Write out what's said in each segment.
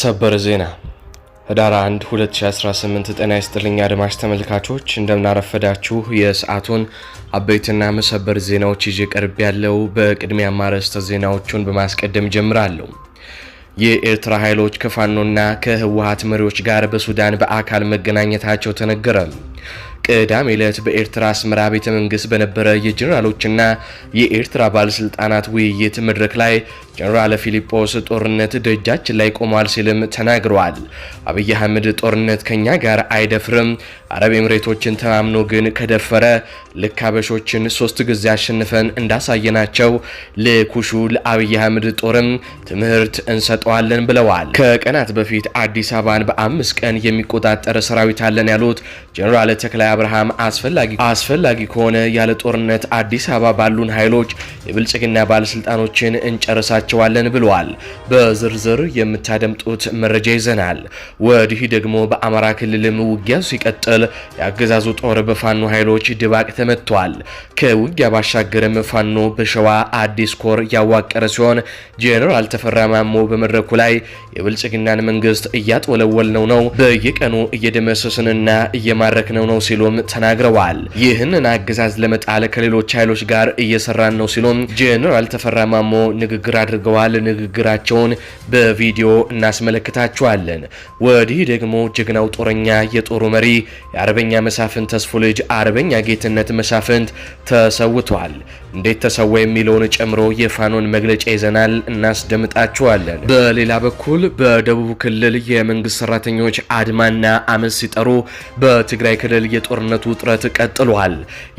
ሰበር ዜና ህዳር 1 2018። ጤና ይስጥልኝ አድማጭ ተመልካቾች፣ እንደምናረፈዳችሁ የሰዓቱን አበይትና መሰበር ዜናዎች ይዤ ቀርብ ያለው። በቅድሚያ ማርዕስተ ዜናዎቹን በማስቀደም ጀምራለሁ። የኤርትራ ኃይሎች ከፋኖና ከህወሀት መሪዎች ጋር በሱዳን በአካል መገናኘታቸው ተነገረ። ቅዳሜ ዕለት በኤርትራ አስመራ ቤተ መንግስት በነበረ የጀኔራሎችና የኤርትራ ባለስልጣናት ውይይት መድረክ ላይ ጀኔራል ፊሊጶስ ጦርነት ደጃችን ላይ ቆሟል ሲልም ተናግረዋል። አብይ አህመድ ጦርነት ከኛ ጋር አይደፍርም፣ አረብ ኤምሬቶችን ተማምኖ ግን ከደፈረ ልክ አበሾችን ሶስት ጊዜ አሸንፈን እንዳሳየናቸው ለኩሹ ለአብይ አህመድ ጦርም ትምህርት እንሰጠዋለን ብለዋል። ከቀናት በፊት አዲስ አበባን በአምስት ቀን የሚቆጣጠር ሰራዊት አለን ያሉት ጀኔራል ተክላይ አብርሃም አስፈላጊ አስፈላጊ ከሆነ ያለ ጦርነት አዲስ አበባ ባሉን ኃይሎች የብልጽግና ባለስልጣኖችን እንጨርሳቸው እንነግራቸዋለን ብለዋል። በዝርዝር የምታደምጡት መረጃ ይዘናል። ወዲህ ደግሞ በአማራ ክልልም ውጊያ ሲቀጥል የአገዛዙ ጦር በፋኖ ኃይሎች ድባቅ ተመቷል። ከውጊያ ባሻገርም ፋኖ በሸዋ አዲስ ኮር ያዋቀረ ሲሆን ጄኔራል ተፈራ ማሞ በመድረኩ ላይ የብልጽግናን መንግስት እያጥወለወልነው ነው፣ በየቀኑ እየደመሰስንና እየማረክ ነው ሲሉም ተናግረዋል። ይህንን አገዛዝ ለመጣል ከሌሎች ኃይሎች ጋር እየሰራን ነው ሲሉም ጄኔራል ተፈራ ማሞ ንግግር አድርገዋል። አድርገዋል። ንግግራቸውን በቪዲዮ እናስመለክታችኋለን። ወዲህ ደግሞ ጀግናው ጦረኛ የጦሩ መሪ የአርበኛ መሳፍንት ተስፉ ልጅ አርበኛ ጌትነት መሳፍንት ተሰውቷል። እንዴት ተሰዋ የሚለውን ጨምሮ የፋኖን መግለጫ ይዘናል፣ እናስደምጣችኋለን። በሌላ በኩል በደቡብ ክልል የመንግስት ሰራተኞች አድማና አመፅ ሲጠሩ፣ በትግራይ ክልል የጦርነቱ ውጥረት ቀጥሏል።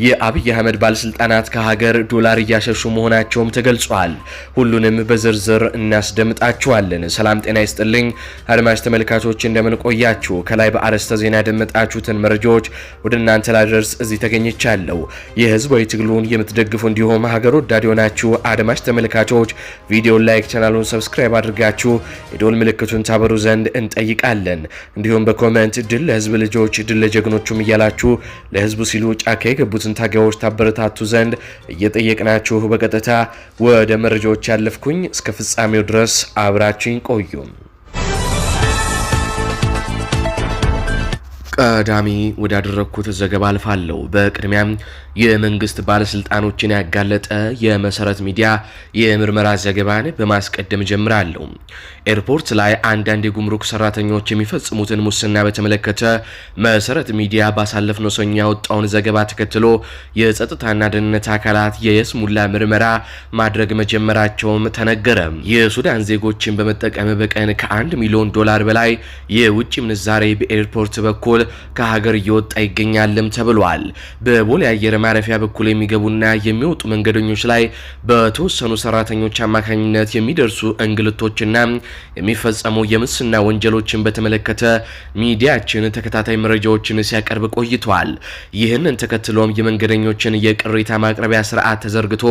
የአብይ አህመድ ባለስልጣናት ከሀገር ዶላር እያሸሹ መሆናቸውም ተገልጿል። ሁሉንም በዝርዝር እናስደምጣችኋለን። ሰላም ጤና ይስጥልኝ አድማጭ ተመልካቾች፣ እንደምንቆያችሁ ከላይ በአርዕስተ ዜና ያደመጣችሁትን መረጃዎች ወደ እናንተ ላደርስ እዚህ ተገኝቻለሁ። የህዝባዊ ትግሉን የምትደግፉ እንዲ እንዲሁም ሀገር ወዳድ የሆናችሁ አድማጭ ተመልካቾች ቪዲዮን ላይክ፣ ቻናሉን ሰብስክራይብ አድርጋችሁ የዶል ምልክቱን ታበሩ ዘንድ እንጠይቃለን። እንዲሁም በኮመንት ድል ለህዝብ ልጆች፣ ድል ለጀግኖቹም እያላችሁ ለህዝቡ ሲሉ ጫካ የገቡትን ታጋዮች ታበረታቱ ዘንድ እየጠየቅናችሁ በቀጥታ ወደ መረጃዎች ያለፍኩኝ እስከ ፍጻሜው ድረስ አብራችኝ ቆዩ። ቀዳሚ ወዳደረግኩት ዘገባ አልፋለሁ። በቅድሚያም የመንግስት ባለስልጣኖችን ያጋለጠ የመሰረት ሚዲያ የምርመራ ዘገባን በማስቀደም ጀምራለሁ። ኤርፖርት ላይ አንዳንድ የጉምሩክ ሰራተኞች የሚፈጽሙትን ሙስና በተመለከተ መሰረት ሚዲያ ባሳለፍነው ሰኞ ያወጣውን ዘገባ ተከትሎ የጸጥታና ደህንነት አካላት የየስሙላ ምርመራ ማድረግ መጀመራቸውም ተነገረ። የሱዳን ዜጎችን በመጠቀም በቀን ከአንድ ሚሊዮን ዶላር በላይ የውጭ ምንዛሬ በኤርፖርት በኩል በኩል ከሀገር እየወጣ ይገኛልም ተብሏል። በቦሌ አየር ማረፊያ በኩል የሚገቡና የሚወጡ መንገደኞች ላይ በተወሰኑ ሰራተኞች አማካኝነት የሚደርሱ እንግልቶችና የሚፈጸሙ የምስና ወንጀሎችን በተመለከተ ሚዲያችን ተከታታይ መረጃዎችን ሲያቀርብ ቆይቷል። ይህንን ተከትሎም የመንገደኞችን የቅሬታ ማቅረቢያ ስርዓት ተዘርግቶ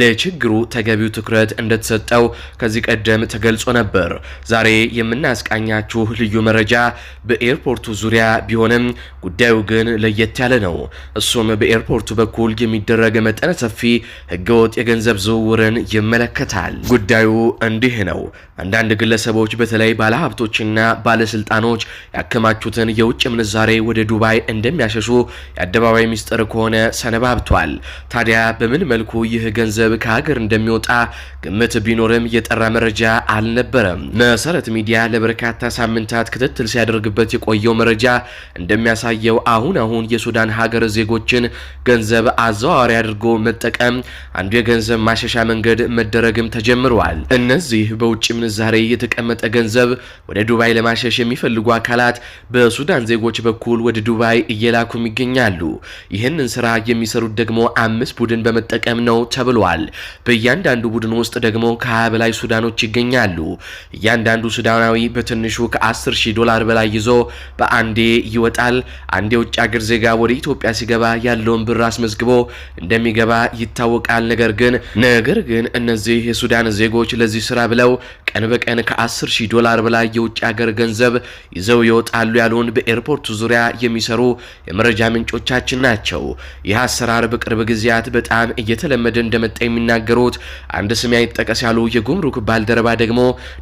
ለችግሩ ተገቢው ትኩረት እንደተሰጠው ከዚህ ቀደም ተገልጾ ነበር። ዛሬ የምናስቃኛችሁ ልዩ መረጃ በኤርፖርቱ ዙሪያ ቢሆንም ጉዳዩ ግን ለየት ያለ ነው። እሱም በኤርፖርቱ በኩል የሚደረግ መጠነ ሰፊ ህገወጥ የገንዘብ ዝውውርን ይመለከታል። ጉዳዩ እንዲህ ነው። አንዳንድ ግለሰቦች በተለይ ባለሀብቶችና ባለስልጣኖች ያከማቹትን የውጭ ምንዛሬ ወደ ዱባይ እንደሚያሸሹ የአደባባይ ሚስጥር ከሆነ ሰነባብቷል። ታዲያ በምን መልኩ ይህ ገንዘብ ከሀገር እንደሚወጣ ግምት ቢኖርም የጠራ መረጃ አልነበረም። መሰረት ሚዲያ ለበርካታ ሳምንታት ክትትል ሲያደርግበት የቆየው መረጃ እንደሚያሳየው አሁን አሁን የሱዳን ሀገር ዜጎችን ገንዘብ አዘዋዋሪ አድርጎ መጠቀም አንዱ የገንዘብ ማሸሻ መንገድ መደረግም ተጀምረዋል። እነዚህ በውጭ ምንዛሬ የተቀመጠ ገንዘብ ወደ ዱባይ ለማሸሽ የሚፈልጉ አካላት በሱዳን ዜጎች በኩል ወደ ዱባይ እየላኩም ይገኛሉ። ይህንን ስራ የሚሰሩት ደግሞ አምስት ቡድን በመጠቀም ነው ተብሏል። በእያንዳንዱ ቡድን ውስጥ ደግሞ ከሀያ በላይ ሱዳኖች ይገኛሉ። እያንዳንዱ ሱዳናዊ በትንሹ ከ10 ሺህ ዶላር በላይ ይዞ በአንዴ ይወጣል። አንድ የውጭ አገር ዜጋ ወደ ኢትዮጵያ ሲገባ ያለውን ብር አስመዝግቦ እንደሚገባ ይታወቃል። ነገር ግን ነገር ግን እነዚህ የሱዳን ዜጎች ለዚህ ስራ ብለው ቀን በቀን ከ10 ሺህ ዶላር በላይ የውጭ ሀገር ገንዘብ ይዘው ይወጣሉ ያሉን በኤርፖርቱ ዙሪያ የሚሰሩ የመረጃ ምንጮቻችን ናቸው። ይህ አሰራር በቅርብ ጊዜያት በጣም እየተለመደ እንደመጣ የሚናገሩት አንድ ስም አይጠቀስ ያሉ የጉምሩክ ባልደረባ ደግሞ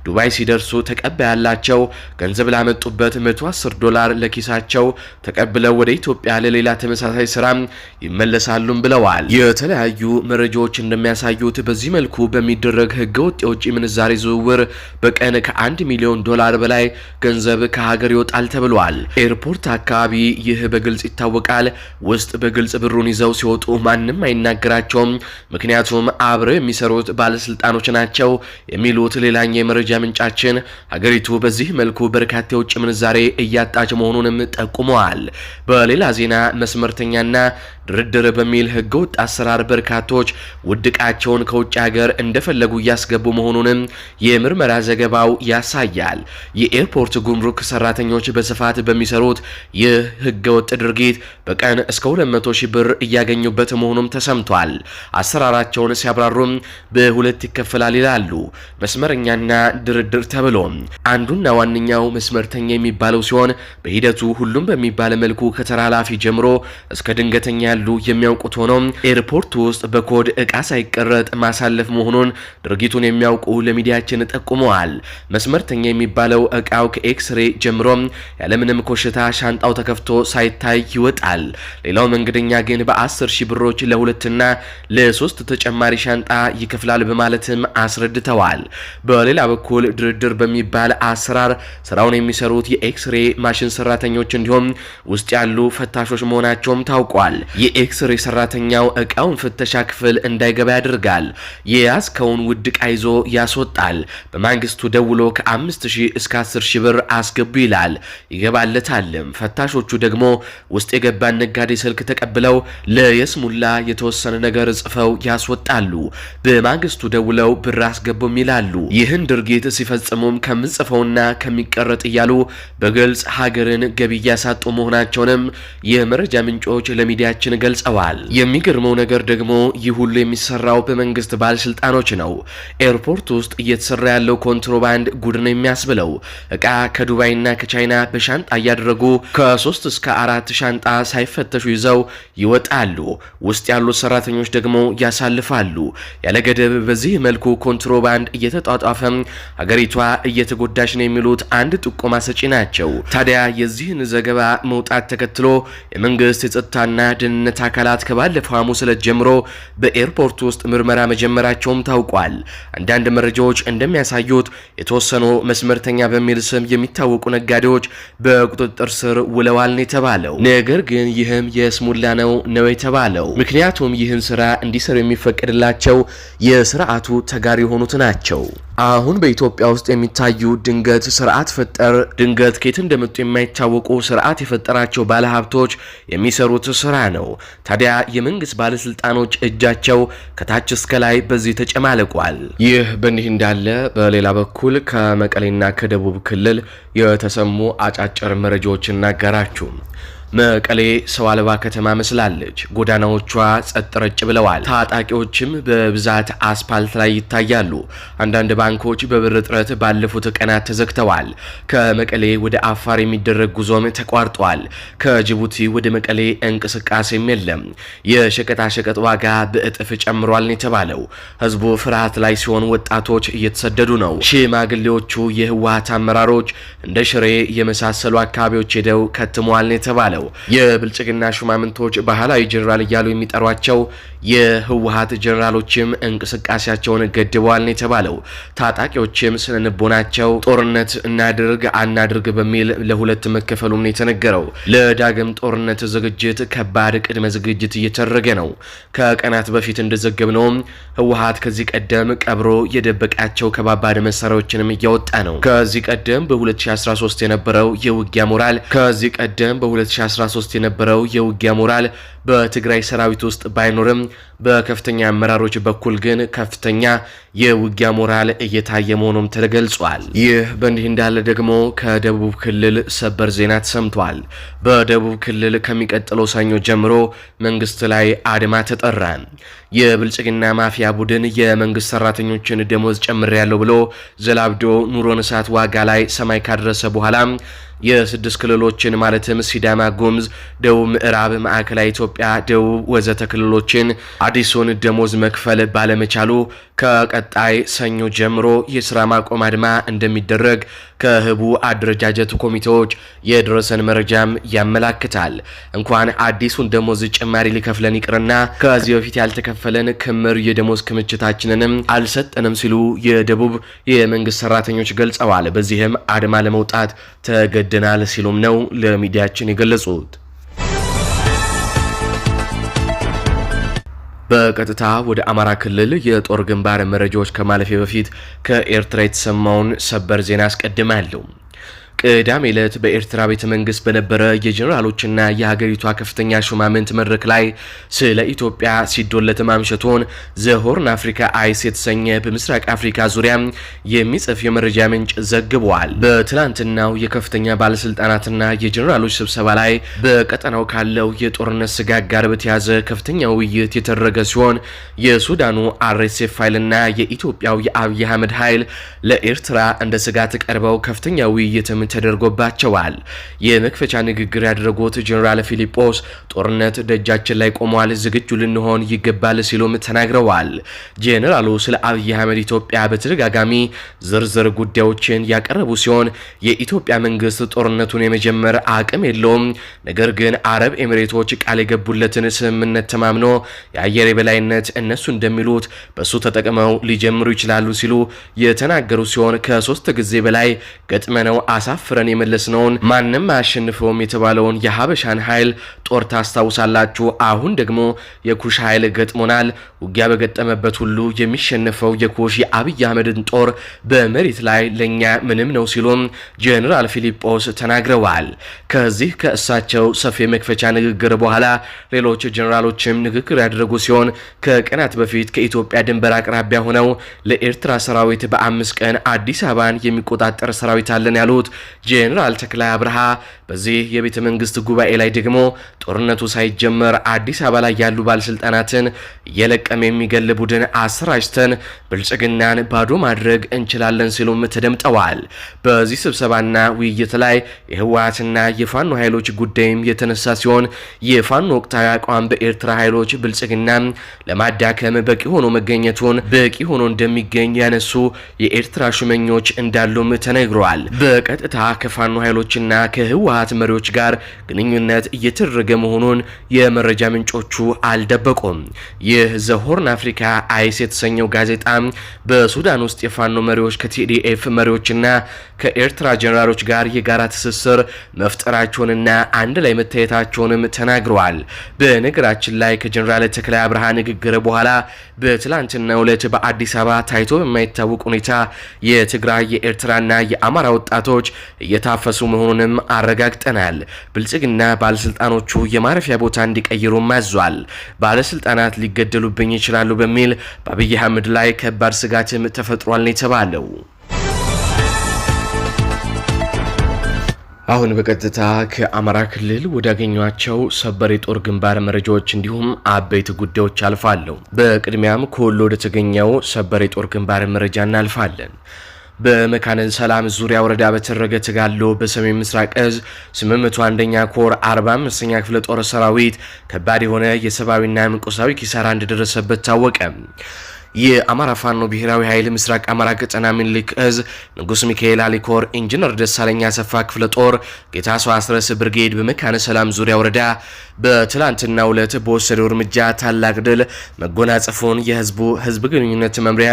ዱባይ ሲደርሱ ተቀባይ ያላቸው ገንዘብ ላመጡበት 110 ዶላር ለኪሳቸው ተቀብለው ወደ ኢትዮጵያ ለሌላ ተመሳሳይ ስራ ይመለሳሉም ብለዋል። የተለያዩ መረጃዎች እንደሚያሳዩት በዚህ መልኩ በሚደረግ ህገወጥ የውጭ ምንዛሬ ዝውውር ብር በቀን ከአንድ ሚሊዮን ዶላር በላይ ገንዘብ ከሀገር ይወጣል ተብሏል። ኤርፖርት አካባቢ ይህ በግልጽ ይታወቃል። ውስጥ በግልጽ ብሩን ይዘው ሲወጡ ማንም አይናገራቸውም፣ ምክንያቱም አብረው የሚሰሩት ባለስልጣኖች ናቸው የሚሉት ሌላኛው የመረጃ ምንጫችን ሀገሪቱ በዚህ መልኩ በርካታ የውጭ ምንዛሬ እያጣች መሆኑንም ጠቁመዋል። በሌላ ዜና መስመርተኛና ድርድር በሚል ህገወጥ አሰራር በርካቶች ውድቃቸውን ከውጭ ሀገር እንደፈለጉ እያስገቡ መሆኑንም የምርመራ ዘገባው ያሳያል። የኤርፖርት ጉምሩክ ሰራተኞች በስፋት በሚሰሩት ይህ ህገወጥ ድርጊት በቀን እስከ 200 ሺህ ብር እያገኙበት መሆኑም ተሰምቷል። አሰራራቸውን ሲያብራሩም በሁለት ይከፈላል ይላሉ። መስመረኛና ድርድር ተብሎ አንዱና ዋነኛው መስመርተኛ የሚባለው ሲሆን በሂደቱ ሁሉም በሚባል መልኩ ከተራላፊ ጀምሮ እስከ ድንገተኛ እንዳሉ የሚያውቁት ሆነው ኤርፖርት ውስጥ በኮድ እቃ ሳይቀረጥ ማሳለፍ መሆኑን ድርጊቱን የሚያውቁ ለሚዲያችን ጠቁመዋል። መስመርተኛ የሚባለው እቃው ከኤክስሬ ጀምሮ ያለምንም ኮሽታ ሻንጣው ተከፍቶ ሳይታይ ይወጣል። ሌላው መንገደኛ ግን በ10 ሺህ ብሮች ለሁለትና ለሶስት ተጨማሪ ሻንጣ ይከፍላል በማለትም አስረድተዋል። በሌላ በኩል ድርድር በሚባል አሰራር ስራውን የሚሰሩት የኤክስሬ ማሽን ሰራተኞች እንዲሁም ውስጥ ያሉ ፈታሾች መሆናቸውም ታውቋል። የኤክስሬ ሰራተኛው እቃውን ፍተሻ ክፍል እንዳይገባ ያደርጋል። የያዝከውን ውድ እቃ ይዞ ያስወጣል። በማንግስቱ ደውሎ ከ5000 እስከ 10000 ብር አስገቡ ይላል። ይገባለታልም። ፈታሾቹ ደግሞ ውስጥ የገባን ነጋዴ ስልክ ተቀብለው ለየስሙላ የተወሰነ ነገር ጽፈው ያስወጣሉ። በማንግስቱ ደውለው ብር አስገቡም ይላሉ። ይህን ድርጊት ሲፈጽሙም ከምጽፈውና ከሚቀረጥ እያሉ በግልጽ ሀገርን ገቢ እያሳጡ መሆናቸውንም የመረጃ ምንጮች ለሚዲያችን ገልጸዋል። የሚገርመው ነገር ደግሞ ይህ ሁሉ የሚሰራው በመንግስት ባለስልጣኖች ነው። ኤርፖርት ውስጥ እየተሰራ ያለው ኮንትሮባንድ ጉድ ነው የሚያስብለው። እቃ ከዱባይና ከቻይና በሻንጣ እያደረጉ ከሶስት እስከ አራት ሻንጣ ሳይፈተሹ ይዘው ይወጣሉ። ውስጥ ያሉት ሰራተኞች ደግሞ ያሳልፋሉ። ያለ ገደብ በዚህ መልኩ ኮንትሮባንድ እየተጧጧፈ ሀገሪቷ እየተጎዳች ነው የሚሉት አንድ ጥቆማ ሰጪ ናቸው። ታዲያ የዚህን ዘገባ መውጣት ተከትሎ የመንግስት የጸጥታና ደህንነት የደህንነት አካላት ከባለፈው ሐሙስ ዕለት ጀምሮ በኤርፖርት ውስጥ ምርመራ መጀመራቸውም ታውቋል። አንዳንድ መረጃዎች እንደሚያሳዩት የተወሰኑ መስመርተኛ በሚል ስም የሚታወቁ ነጋዴዎች በቁጥጥር ስር ውለዋል ነው የተባለው። ነገር ግን ይህም የስሙላ ነው ነው የተባለው። ምክንያቱም ይህን ስራ እንዲሰሩ የሚፈቀድላቸው የስርዓቱ ተጋሪ የሆኑት ናቸው። አሁን በኢትዮጵያ ውስጥ የሚታዩ ድንገት ስርዓት ፈጠር ድንገት ከት እንደመጡ የማይታወቁ ስርዓት የፈጠራቸው ባለሀብቶች የሚሰሩት ስራ ነው። ታዲያ የመንግስት ባለስልጣኖች እጃቸው ከታች እስከ ላይ በዚህ ተጨማልቋል። ይህ በእንዲህ እንዳለ በሌላ በኩል ከመቀሌና ከደቡብ ክልል የተሰሙ አጫጭር መረጃዎች እናገራችሁ። መቀሌ ሰው አልባ ከተማ መስላለች። ጎዳናዎቿ ጸጥ ረጭ ብለዋል። ታጣቂዎችም በብዛት አስፓልት ላይ ይታያሉ። አንዳንድ ባንኮች በብር እጥረት ባለፉት ቀናት ተዘግተዋል። ከመቀሌ ወደ አፋር የሚደረግ ጉዞም ተቋርጧል። ከጅቡቲ ወደ መቀሌ እንቅስቃሴም የለም። የሸቀጣሸቀጥ ዋጋ በእጥፍ ጨምሯል የተባለው። ህዝቡ ፍርሃት ላይ ሲሆን፣ ወጣቶች እየተሰደዱ ነው። ሽማግሌዎቹ የህወሀት አመራሮች እንደ ሽሬ የመሳሰሉ አካባቢዎች ሄደው ከትመዋል የተባለው። ነው። የብልጽግና ሹማምንቶች ባህላዊ ጀኔራል እያሉ የሚጠሯቸው የህወሀት ጀኔራሎችም እንቅስቃሴያቸውን ገድበዋል ነው የተባለው። ታጣቂዎችም ስነንቦናቸው ጦርነት እናድርግ አናድርግ በሚል ለሁለት መከፈሉም ነው የተነገረው። ለዳግም ጦርነት ዝግጅት ከባድ ቅድመ ዝግጅት እየተደረገ ነው። ከቀናት በፊት እንደዘገብነውም ህወሀት ከዚህ ቀደም ቀብሮ የደበቃቸው ከባባድ መሳሪያዎችንም እያወጣ ነው። ከዚህ ቀደም በ2013 የነበረው የውጊያ ሞራል ከዚህ ቀደም በ2013 የነበረው የውጊያ ሞራል በትግራይ ሰራዊት ውስጥ ባይኖርም በከፍተኛ አመራሮች በኩል ግን ከፍተኛ የውጊያ ሞራል እየታየ መሆኑም ተገልጿል። ይህ በእንዲህ እንዳለ ደግሞ ከደቡብ ክልል ሰበር ዜና ተሰምቷል። በደቡብ ክልል ከሚቀጥለው ሰኞ ጀምሮ መንግስት ላይ አድማ ተጠራ። የብልጽግና ማፊያ ቡድን የመንግስት ሰራተኞችን ደሞዝ ጨምሬያለሁ ብሎ ዘላብዶ ኑሮን እሳት ዋጋ ላይ ሰማይ ካደረሰ በኋላ የስድስት ክልሎችን ማለትም ሲዳማ፣ ጉምዝ ደቡብ ምዕራብ፣ ማዕከላዊ ኢትዮጵያ፣ ደቡብ ወዘተ ክልሎችን አዲሱን ደሞዝ መክፈል ባለመቻሉ ከቀጣይ ሰኞ ጀምሮ የስራ ማቆም አድማ እንደሚደረግ ከህቡ አደረጃጀት ኮሚቴዎች የደረሰን መረጃም ያመላክታል። እንኳን አዲሱን ደሞዝ ጭማሪ ሊከፍለን ይቅርና ከዚህ በፊት ያልተከፈለን ክምር የደሞዝ ክምችታችንንም አልሰጠንም ሲሉ የደቡብ የመንግስት ሰራተኞች ገልጸዋል። በዚህም አድማ ለመውጣት ተገ ተገደናል ሲሉም ነው ለሚዲያችን የገለጹት። በቀጥታ ወደ አማራ ክልል የጦር ግንባር መረጃዎች ከማለፌ በፊት ከኤርትራ የተሰማውን ሰበር ዜና አስቀድማለሁ። ቅዳሜ ዕለት በኤርትራ ቤተ መንግስት በነበረ የጀኔራሎችና የሀገሪቷ ከፍተኛ ሹማምንት መድረክ ላይ ስለ ኢትዮጵያ ሲዶለት ማምሸቱን ዘሆርን አፍሪካ አይስ የተሰኘ በምስራቅ አፍሪካ ዙሪያ የሚጽፍ የመረጃ ምንጭ ዘግቧል። በትላንትናው የከፍተኛ ባለስልጣናትና የጀኔራሎች ስብሰባ ላይ በቀጠናው ካለው የጦርነት ስጋት ጋር በተያዘ ከፍተኛ ውይይት የተደረገ ሲሆን የሱዳኑ አርኤስኤፍ ኃይልና የኢትዮጵያው የአብይ አህመድ ኃይል ለኤርትራ እንደ ስጋት ቀርበው ከፍተኛ ውይይትም ተደርጎባቸዋል። የመክፈቻ ንግግር ያደረጉት ጀኔራል ፊሊጶስ ጦርነት ደጃችን ላይ ቆመዋል፣ ዝግጁ ልንሆን ይገባል ሲሉም ተናግረዋል። ጄኔራሉ ስለ አብይ አህመድ ኢትዮጵያ በተደጋጋሚ ዝርዝር ጉዳዮችን ያቀረቡ ሲሆን የኢትዮጵያ መንግስት ጦርነቱን የመጀመር አቅም የለውም፣ ነገር ግን አረብ ኤሚሬቶች ቃል የገቡለትን ስምምነት ተማምኖ የአየር የበላይነት እነሱ እንደሚሉት በሱ ተጠቅመው ሊጀምሩ ይችላሉ ሲሉ የተናገሩ ሲሆን ከሶስት ጊዜ በላይ ገጥመነው አሳፍ አፍረን የመለስነውን ማንም አያሸንፈውም የተባለውን የሀበሻን ኃይል ጦር ታስታውሳላችሁ። አሁን ደግሞ የኩሽ ኃይል ገጥሞናል። ውጊያ በገጠመበት ሁሉ የሚሸነፈው የኩሽ የአብይ አህመድን ጦር በመሬት ላይ ለእኛ ምንም ነው ሲሉም ጄኔራል ፊሊጶስ ተናግረዋል። ከዚህ ከእሳቸው ሰፊ መክፈቻ ንግግር በኋላ ሌሎች ጄኔራሎችም ንግግር ያደረጉ ሲሆን ከቀናት በፊት ከኢትዮጵያ ድንበር አቅራቢያ ሆነው ለኤርትራ ሰራዊት በአምስት ቀን አዲስ አበባን የሚቆጣጠር ሰራዊት አለን ያሉት ጄኔራል ተክላይ አብርሃ በዚህ የቤተ መንግስት ጉባኤ ላይ ደግሞ ጦርነቱ ሳይጀመር አዲስ አበባ ላይ ያሉ ባለስልጣናትን እየለቀመ የሚገል ቡድን አሰራጭተን ብልጽግናን ባዶ ማድረግ እንችላለን ሲሉም ተደምጠዋል። በዚህ ስብሰባና ውይይት ላይ የህወሀትና የፋኖ ኃይሎች ጉዳይም የተነሳ ሲሆን የፋኖ ወቅታዊ አቋም በኤርትራ ኃይሎች ብልጽግና ለማዳከም በቂ ሆኖ መገኘቱን በቂ ሆኖ እንደሚገኝ ያነሱ የኤርትራ ሹመኞች እንዳሉም ተነግረዋል። በቀጥታ ከፋኖ ኃይሎችና ከህወሀት መሪዎች ጋር ግንኙነት እየተደረገ መሆኑን የመረጃ ምንጮቹ አልደበቁም። ይህ ዘሆርን አፍሪካ አይስ የተሰኘው ጋዜጣ በሱዳን ውስጥ የፋኖ መሪዎች ከቲዲኤፍ መሪዎችና ከኤርትራ ጀኔራሎች ጋር የጋራ ትስስር መፍጠራቸውንና አንድ ላይ መታየታቸውንም ተናግረዋል። በነገራችን ላይ ከጀኔራል ተክላይ አብርሃ ንግግር በኋላ በትላንትናው ዕለት በአዲስ አበባ ታይቶ በማይታወቅ ሁኔታ የትግራይ የኤርትራና የአማራ ወጣቶች እየታፈሱ መሆኑንም አረጋግጠናል። ብልጽግና ባለስልጣኖቹ የማረፊያ ቦታ እንዲቀይሩም አዟል። ባለስልጣናት ሊገደሉብኝ ይችላሉ በሚል በአብይ አህመድ ላይ ከባድ ስጋትም ተፈጥሯል ነው የተባለው። አሁን በቀጥታ ከአማራ ክልል ወዳገኟቸው ሰበር የጦር ግንባር መረጃዎች እንዲሁም አበይት ጉዳዮች አልፋለሁ። በቅድሚያም ከወሎ ወደተገኘው ሰበር የጦር ግንባር መረጃ እናልፋለን። በመካነ ሰላም ዙሪያ ወረዳ በተደረገ ተጋድሎ በሰሜን ምስራቅ እዝ 801ኛ ኮር 45ኛ ክፍለ ጦር ሰራዊት ከባድ የሆነ የሰብአዊና ቁሳዊ ኪሳራ እንደደረሰበት ታወቀ። የአማራ ፋኖ ብሔራዊ ኃይል ምስራቅ አማራ ቀጠና ምኒልክ እዝ ንጉስ ሚካኤል አሊኮር ኢንጂነር ደሳለኛ ሰፋ ክፍለ ጦር ጌታ ሰው አስረስ ብርጌድ በመካነ ሰላም ዙሪያ ወረዳ በትላንትናው ዕለት በወሰደው እርምጃ ታላቅ ድል መጎናጸፉን የህዝቡ ህዝብ ግንኙነት መምሪያ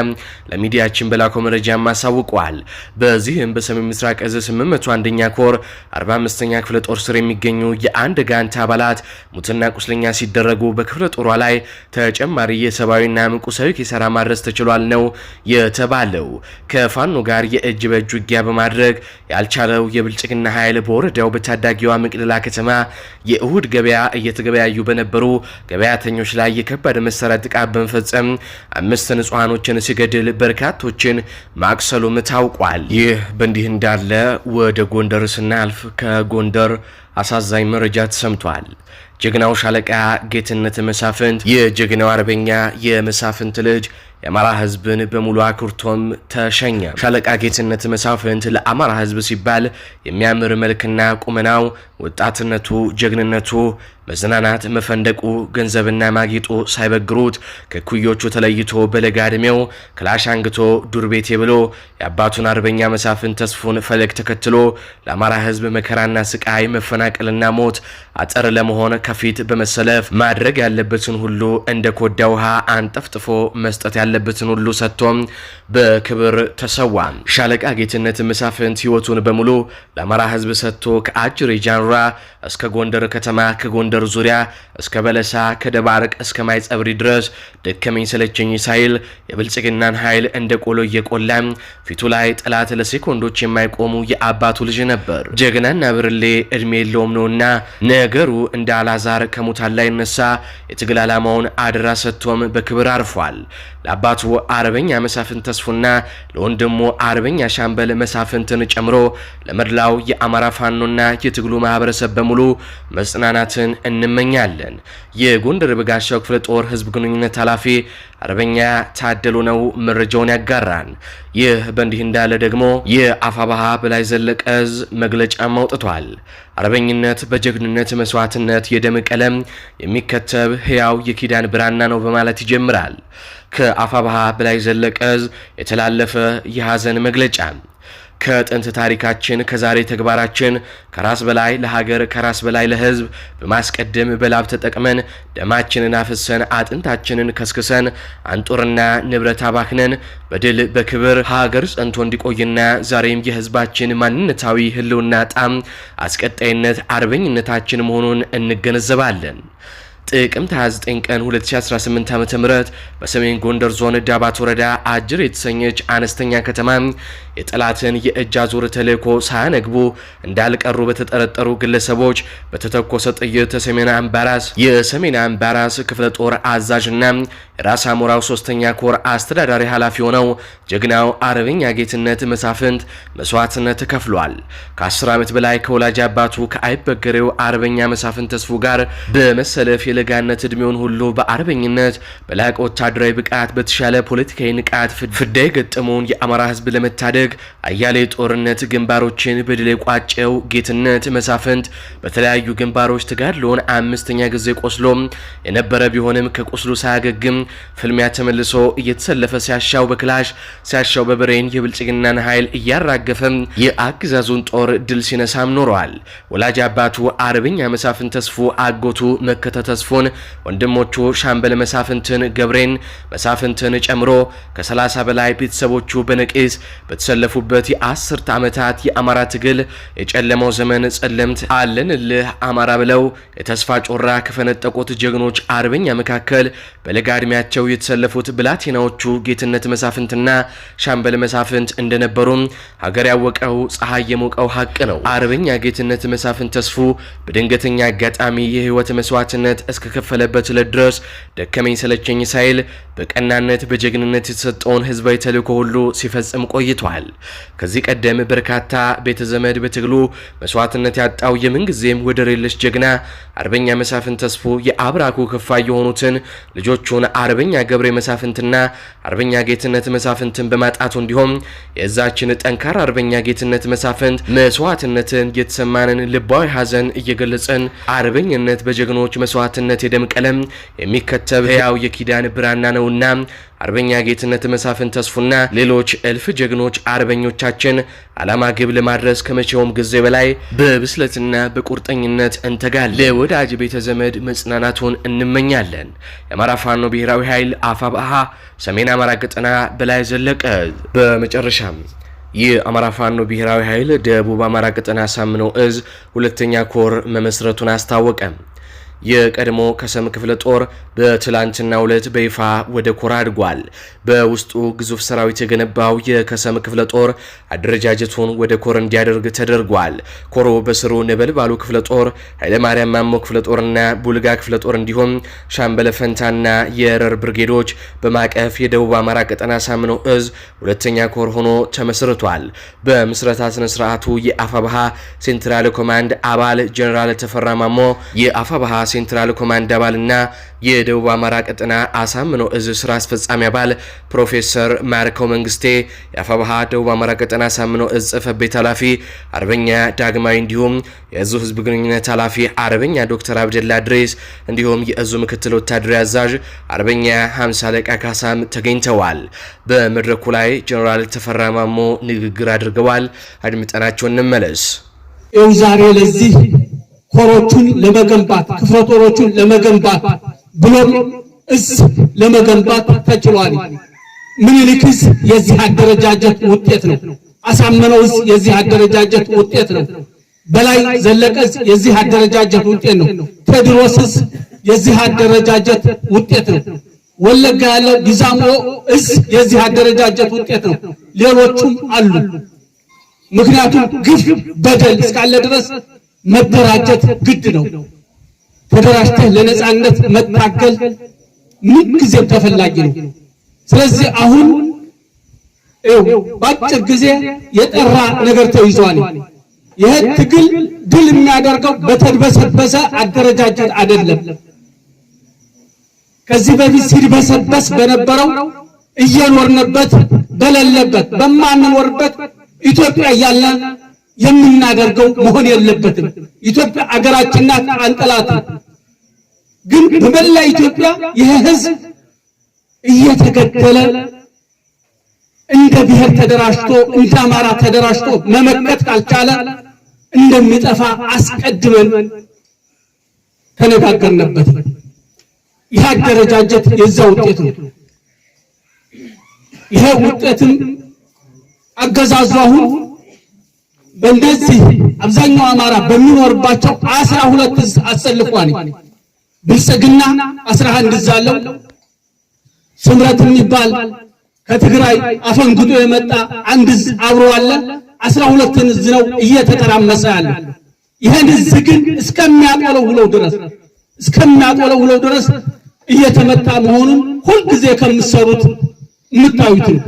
ለሚዲያችን በላከው መረጃም አሳውቋል። በዚህም በሰሜን ምስራቅ እዝ 801ኛ ኮር 45ኛ ክፍለ ጦር ስር የሚገኙ የአንድ ጋንት አባላት ሙትና ቁስለኛ ሲደረጉ በክፍለ ጦሯ ላይ ተጨማሪ የሰብአዊና ምቁሳዊ ኪሳራ ማድረስ ተችሏል ነው የተባለው። ከፋኖ ጋር የእጅ በእጅ ውጊያ በማድረግ ያልቻለው የብልጽግና ኃይል በወረዳው በታዳጊዋ መቅደላ ከተማ የእሁድ ገበያ እየተገበያዩ በነበሩ ገበያተኞች ላይ የከባድ መሳሪያ ጥቃት በመፈጸም አምስት ንጹሐኖችን ሲገድል በርካቶችን ማቅሰሉም ታውቋል። ይህ በእንዲህ እንዳለ ወደ ጎንደር ስናልፍ ከጎንደር አሳዛኝ መረጃ ተሰምቷል። ጀግናው ሻለቃ ጌትነት መሳፍንት የጀግናው አርበኛ የመሳፍንት ልጅ የአማራ ሕዝብን በሙሉ አኩርቶም ተሸኘ። ሻለቃ ጌትነት መሳፍንት ለአማራ ሕዝብ ሲባል የሚያምር መልክና ቁመናው ወጣትነቱ፣ ጀግንነቱ፣ መዝናናት፣ መፈንደቁ፣ ገንዘብና ማጌጡ ሳይበግሩት ከኩዮቹ ተለይቶ በለጋ ዕድሜው ክላሽ አንግቶ ዱር ቤቴ ብሎ የአባቱን አርበኛ መሳፍን ተስፉን ፈለግ ተከትሎ ለአማራ ሕዝብ መከራና ስቃይ መፈናቀልና ሞት አጥር ለመሆን ከፊት በመሰለፍ ማድረግ ያለበትን ሁሉ እንደ ኮዳ ውሃ አንጠፍጥፎ መስጠት ያለበትን ሁሉ ሰጥቶም በክብር ተሰዋ። ሻለቃ ጌትነት መሳፍንት ሕይወቱን በሙሉ ለአማራ ሕዝብ ሰጥቶ ከአጭር ጃን ተራራ እስከ ጎንደር ከተማ ከጎንደር ዙሪያ እስከ በለሳ ከደባርቅ እስከ ማይጸብሪ ድረስ ደከመኝ ሰለቸኝ ሳይል የብልጽግናን ኃይል እንደ ቆሎ እየቆላ ፊቱ ላይ ጠላት ለሴኮንዶች የማይቆሙ የአባቱ ልጅ ነበር። ጀግናና ብርሌ እድሜ የለውም ነውና ነገሩ እንደ አላዛር ከሙታን ላይ ነሳ የትግል ዓላማውን አደራ ሰጥቶም በክብር አርፏል። ለአባቱ አርበኛ መሳፍንት ተስፉና ለወንድሙ አርበኛ ሻምበል መሳፍንትን ጨምሮ ለመላው የአማራ ፋኖና የትግሉ ማህበረሰብ በሙሉ መጽናናትን እንመኛለን። የጎንደር በጋሻው ክፍለ ጦር ህዝብ ግንኙነት ኃላፊ አርበኛ ታደሉ ነው መረጃውን ያጋራን። ይህ በእንዲህ እንዳለ ደግሞ የአፋባሃ በላይ ዘለቀዝ መግለጫም አውጥቷል። አርበኝነት በጀግንነት መስዋዕትነት የደም ቀለም የሚከተብ ህያው የኪዳን ብራና ነው በማለት ይጀምራል። ከአፋባሃ በላይ ዘለቀዝ የተላለፈ የሐዘን መግለጫ ከጥንት ታሪካችን ከዛሬ ተግባራችን ከራስ በላይ ለሀገር ከራስ በላይ ለሕዝብ በማስቀደም በላብ ተጠቅመን ደማችንን አፍሰን አጥንታችንን ከስክሰን አንጡርና ንብረት አባክነን በድል በክብር ሀገር ጸንቶ እንዲቆይና ዛሬም የሕዝባችን ማንነታዊ ህልውና ጣም አስቀጣይነት አርበኝነታችን መሆኑን እንገነዘባለን። ጥቅምት 29 ቀን 2018 ዓም በሰሜን ጎንደር ዞን ዳባት ወረዳ አጅር የተሰኘች አነስተኛ ከተማ የጠላትን የእጅ አዙር ተልዕኮ ሳያነግቡ እንዳልቀሩ በተጠረጠሩ ግለሰቦች በተተኮሰ ጥይት ሰሜን አምባራስ የሰሜን አምባራስ ክፍለ ጦር አዛዥና የራስ አሞራው ሶስተኛ ኮር አስተዳዳሪ ኃላፊ ሆነው ጀግናው አርበኛ ጌትነት መሳፍንት መስዋዕትነት ከፍሏል። ከ10 ዓመት በላይ ከወላጅ አባቱ ከአይበገሬው አርበኛ መሳፍንት ተስፉ ጋር በመሰለፍ የለጋነት እድሜውን ሁሉ በአርበኝነት በላቀ ወታደራዊ ብቃት በተሻለ ፖለቲካዊ ንቃት ፍዳ የገጠመውን የአማራ ህዝብ ለመታደግ አያሌ ጦርነት ግንባሮችን በድል የቋጨው ጌትነት መሳፍንት በተለያዩ ግንባሮች ተጋድሎን አምስተኛ ጊዜ ቆስሎ የነበረ ቢሆንም ከቁስሉ ሳያገግም ፍልሚያ ተመልሶ እየተሰለፈ ሲያሻው በክላሽ ሲያሻው በብሬን የብልጽግናን ኃይል እያራገፈ የአገዛዙን ጦር ድል ሲነሳም ኖረዋል። ወላጅ አባቱ አርበኛ መሳፍንት ተስፉ አጎቱ መከተ ተስፉ ተስፉን ወንድሞቹ ሻምበል መሳፍንትን ገብሬን መሳፍንትን ጨምሮ ከ30 በላይ ቤተሰቦቹ በነቂስ በተሰለፉበት የአስርት ዓመታት የአማራ ትግል የጨለመው ዘመን ጸለምት አለንልህ አማራ ብለው የተስፋ ጮራ ከፈነጠቁት ጀግኖች አርበኛ መካከል በለጋ ዕድሜያቸው የተሰለፉት ብላቴናዎቹ ጌትነት መሳፍንትና ሻምበል መሳፍንት እንደነበሩም ሀገር ያወቀው ፀሐይ የሞቀው ሀቅ ነው። አርበኛ ጌትነት መሳፍንት ተስፉ በድንገተኛ አጋጣሚ የህይወት መስዋዕትነት እስከከፈለበት ዕለት ድረስ ደከመኝ ሰለቸኝ ሳይል በቀናነት በጀግንነት የተሰጠውን ህዝባዊ ተልዕኮ ሁሉ ሲፈጽም ቆይቷል። ከዚህ ቀደም በርካታ ቤተ ዘመድ በትግሉ መስዋዕትነት ያጣው የምንጊዜም ወደር የለሽ ጀግና አርበኛ መሳፍን ተስፉ የአብራኩ ክፋ የሆኑትን ልጆቹን አርበኛ ገብሬ መሳፍንትና አርበኛ ጌትነት መሳፍንትን በማጣቱ እንዲሁም የእዛችን ጠንካራ አርበኛ ጌትነት መሳፍንት መስዋዕትነትን የተሰማንን ልባዊ ሀዘን እየገለጸን አርበኝነት በጀግኖች መስዋዕትነት ጌትነት የደም ቀለም የሚከተብ ሕያው የኪዳን ብራና ነውና አርበኛ ጌትነት መሳፍን ተስፉና ሌሎች እልፍ ጀግኖች አርበኞቻችን ዓላማ ግብ ለማድረስ ከመቼውም ጊዜ በላይ በብስለትና በቁርጠኝነት እንተጋል። ለወዳጅ ቤተ ዘመድ መጽናናቱን እንመኛለን። የአማራ ፋኖ ብሔራዊ ኃይል አፋብሃ ሰሜን አማራ ገጠና በላይ ዘለቀ። በመጨረሻም አማራ ፋኖ ብሔራዊ ኃይል ደቡብ አማራ ቀጠና ሳምነው እዝ ሁለተኛ ኮር መመስረቱን አስታወቀ። የቀድሞ ከሰም ክፍለ ጦር በትላንትና ዕለት በይፋ ወደ ኮራ አድጓል። በውስጡ ግዙፍ ሰራዊት የገነባው የከሰም ክፍለ ጦር አደረጃጀቱን ወደ ኮር እንዲያደርግ ተደርጓል። ኮሮ በስሩ ነበልባሉ ክፍለ ጦር፣ ኃይለማርያም ማሞ ክፍለ ጦርና ቡልጋ ክፍለ ጦር እንዲሁም ሻምበለ ፈንታና የረር ብርጌዶች በማቀፍ የደቡብ አማራ ቀጠና ሳምነው እዝ ሁለተኛ ኮር ሆኖ ተመስርቷል። በምስረታ ስነ ስርዓቱ የአፋባሃ ሴንትራል ኮማንድ አባል ጀኔራል ተፈራ ማሞ የአፋባሃ ሴንትራል ኮማንድ አባልና የደቡብ አማራ ቀጠና አሳምኖ እዝ ስራ አስፈጻሚ አባል ፕሮፌሰር ማርከው መንግስቴ፣ የአፋባሃ ደቡብ አማራ ቀጠና አሳምኖ እዝ ጽህፈት ቤት ኃላፊ አርበኛ ዳግማዊ፣ እንዲሁም የእዙ ህዝብ ግንኙነት ኃላፊ አርበኛ ዶክተር አብደላ ድሬስ እንዲሁም የእዙ ምክትል ወታደራዊ አዛዥ አርበኛ ሀምሳ አለቃ ካሳም ተገኝተዋል። በመድረኩ ላይ ጀኔራል ተፈራ ማሞ ንግግር አድርገዋል። አድምጠናቸው እንመለስ። ዛሬ ለዚህ ኮሮቹን ለመገንባት ክፍለ ጦሮቹን ለመገንባት ብሎም እዝ ለመገንባት ተችሏል። ምኒልክ እዝ የዚህ አደረጃጀት ውጤት ነው። አሳመነው እዝ የዚህ አደረጃጀት ውጤት ነው። በላይ ዘለቀ እዝ የዚህ አደረጃጀት ውጤት ነው። ቴዎድሮስ እዝ የዚህ አደረጃጀት ውጤት ነው። ወለጋ ያለው ጊዛሞ እዝ የዚህ አደረጃጀት ውጤት ነው። ሌሎቹም አሉ። ምክንያቱም ግፍ በደል እስካለ ድረስ መደራጀት ግድ ነው። ተደራጅተህ ለነፃነት መታገል ምን ተፈላጊ ነው። ስለዚህ አሁን በአጭር ጊዜ የጠራ ነገር ተይዟል። ይህ ትግል ድል የሚያደርገው በተድበሰበሰ አደረጃጀት አይደለም። ከዚህ በፊት ሲድበሰበስ በነበረው እየኖርንበት በሌለበት በማንኖርበት ኢትዮጵያ እያለ የምናደርገው መሆን የለበትም። ኢትዮጵያ አገራችን ናት፣ አንጠላትም። ግን በመላ ኢትዮጵያ ይሄ ህዝብ እየተገደለ እንደ ብሔር ተደራጅቶ እንደ አማራ ተደራጅቶ መመከት ካልቻለ እንደሚጠፋ አስቀድመን ተነጋገርንበት። ይህ አደረጃጀት የዛ ውጤት ነው። ይሄ ውጤትም አገዛዙ አሁን በእንደዚህ አብዛኛው አማራ በሚኖርባቸው አስራ ሁለት እዝ አሰልፏል። ብልጽግና አስራ አንድ እዝ አለው። ስምረት የሚባል ከትግራይ አፈንግጦ የመጣ አንድ እዝ አብሮ አለ። አስራ ሁለትን እዝ ነው እየተጠራመሰ ያለ። ይህን እዝ ግን እስከሚያቆለው ሁለው ድረስ እስከሚያቆለው ሁለው ድረስ እየተመታ መሆኑን ሁልጊዜ ከምትሰሩት የምታዩት ነው።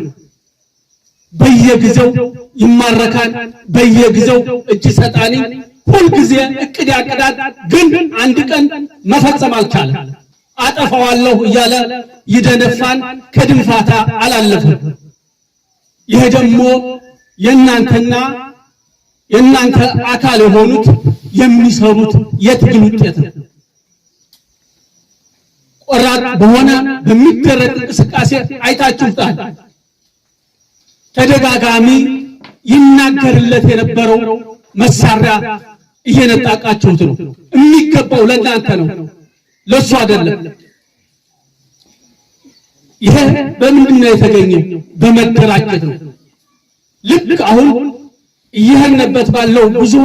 በየጊዜው ይማረካል፣ በየጊዜው እጅ ሰጣኒ፣ ሁልጊዜ እቅድ ያቅዳል፣ ግን አንድ ቀን መፈጸም አልቻለም። አጠፋዋለሁ እያለ ይደነፋን፣ ከድንፋታ አላለፈም። ይሄ ደግሞ የእናንተና የእናንተ አካል የሆኑት የሚሰሩት የትግል ውጤት ነው። ቆራጥ በሆነ በሚደረግ እንቅስቃሴ አይታችሁታል። ተደጋጋሚ ይናገርለት የነበረው መሳሪያ እየነጣቃችሁት ነው። የሚገባው ለእናንተ ነው፣ ለሱ አይደለም። ይሄ በምንድን ነው የተገኘ? በመደራጀት ነው። ልክ አሁን እየሄድንበት ባለው ብዙ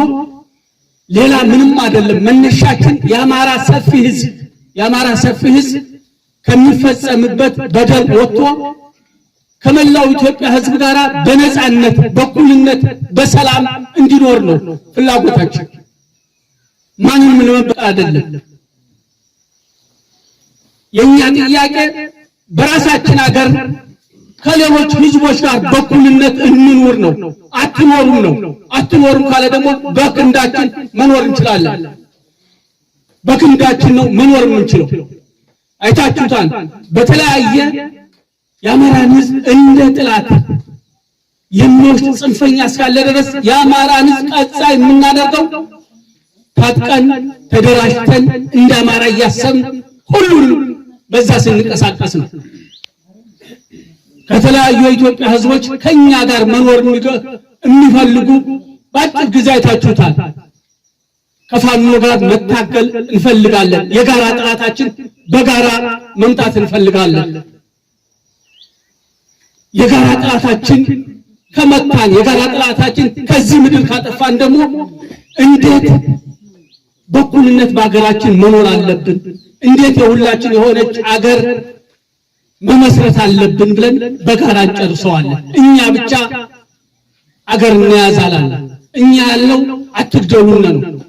ሌላ ምንም አይደለም። መነሻችን የአማራ ሰፊ ህዝብ የአማራ ሰፊ ህዝብ ከሚፈጸምበት በደል ወጥቶ ከመላው ኢትዮጵያ ሕዝብ ጋር በነጻነት በኩልነት በሰላም እንዲኖር ነው ፍላጎታችን። ማንም ምን መበቃ አይደለም። የኛ ጥያቄ በራሳችን ሀገር ከሌሎች ህዝቦች ጋር በኩልነት እንኑር ነው። አትኖሩም ነው። አትኖሩም ካለ ደግሞ በክንዳችን መኖር እንችላለን። በክንዳችን ነው መኖር የምንችለው። አይታችሁታል በተለያየ የአማራን ህዝብ እንደ ጥላት የሚወስድ ጽንፈኛ እስካለ ድረስ የአማራን ህዝብ ቀጻ የምናደርገው ታጥቀን ተደራጅተን እንደ አማራ እያሰብን ሁሉንም በዛ ስንቀሳቀስ ነው። ከተለያዩ የኢትዮጵያ ህዝቦች ከኛ ጋር መኖር የሚፈልጉ በአጭር ጊዜ አይታችሁታል። ከፋኖ ጋር መታገል እንፈልጋለን። የጋራ ጠላታችን በጋራ መምጣት እንፈልጋለን። የጋራ ጥላታችን ከመታን የጋራ ጥላታችን ከዚህ ምድር ካጠፋን ደግሞ እንዴት በኩልነት በሀገራችን መኖር አለብን፣ እንዴት የሁላችን የሆነች አገር መመስረት አለብን ብለን በጋራ እንጨርሰዋለን። እኛ ብቻ አገር እናያዛላለን። እኛ ያለው አትግደሉን ነው።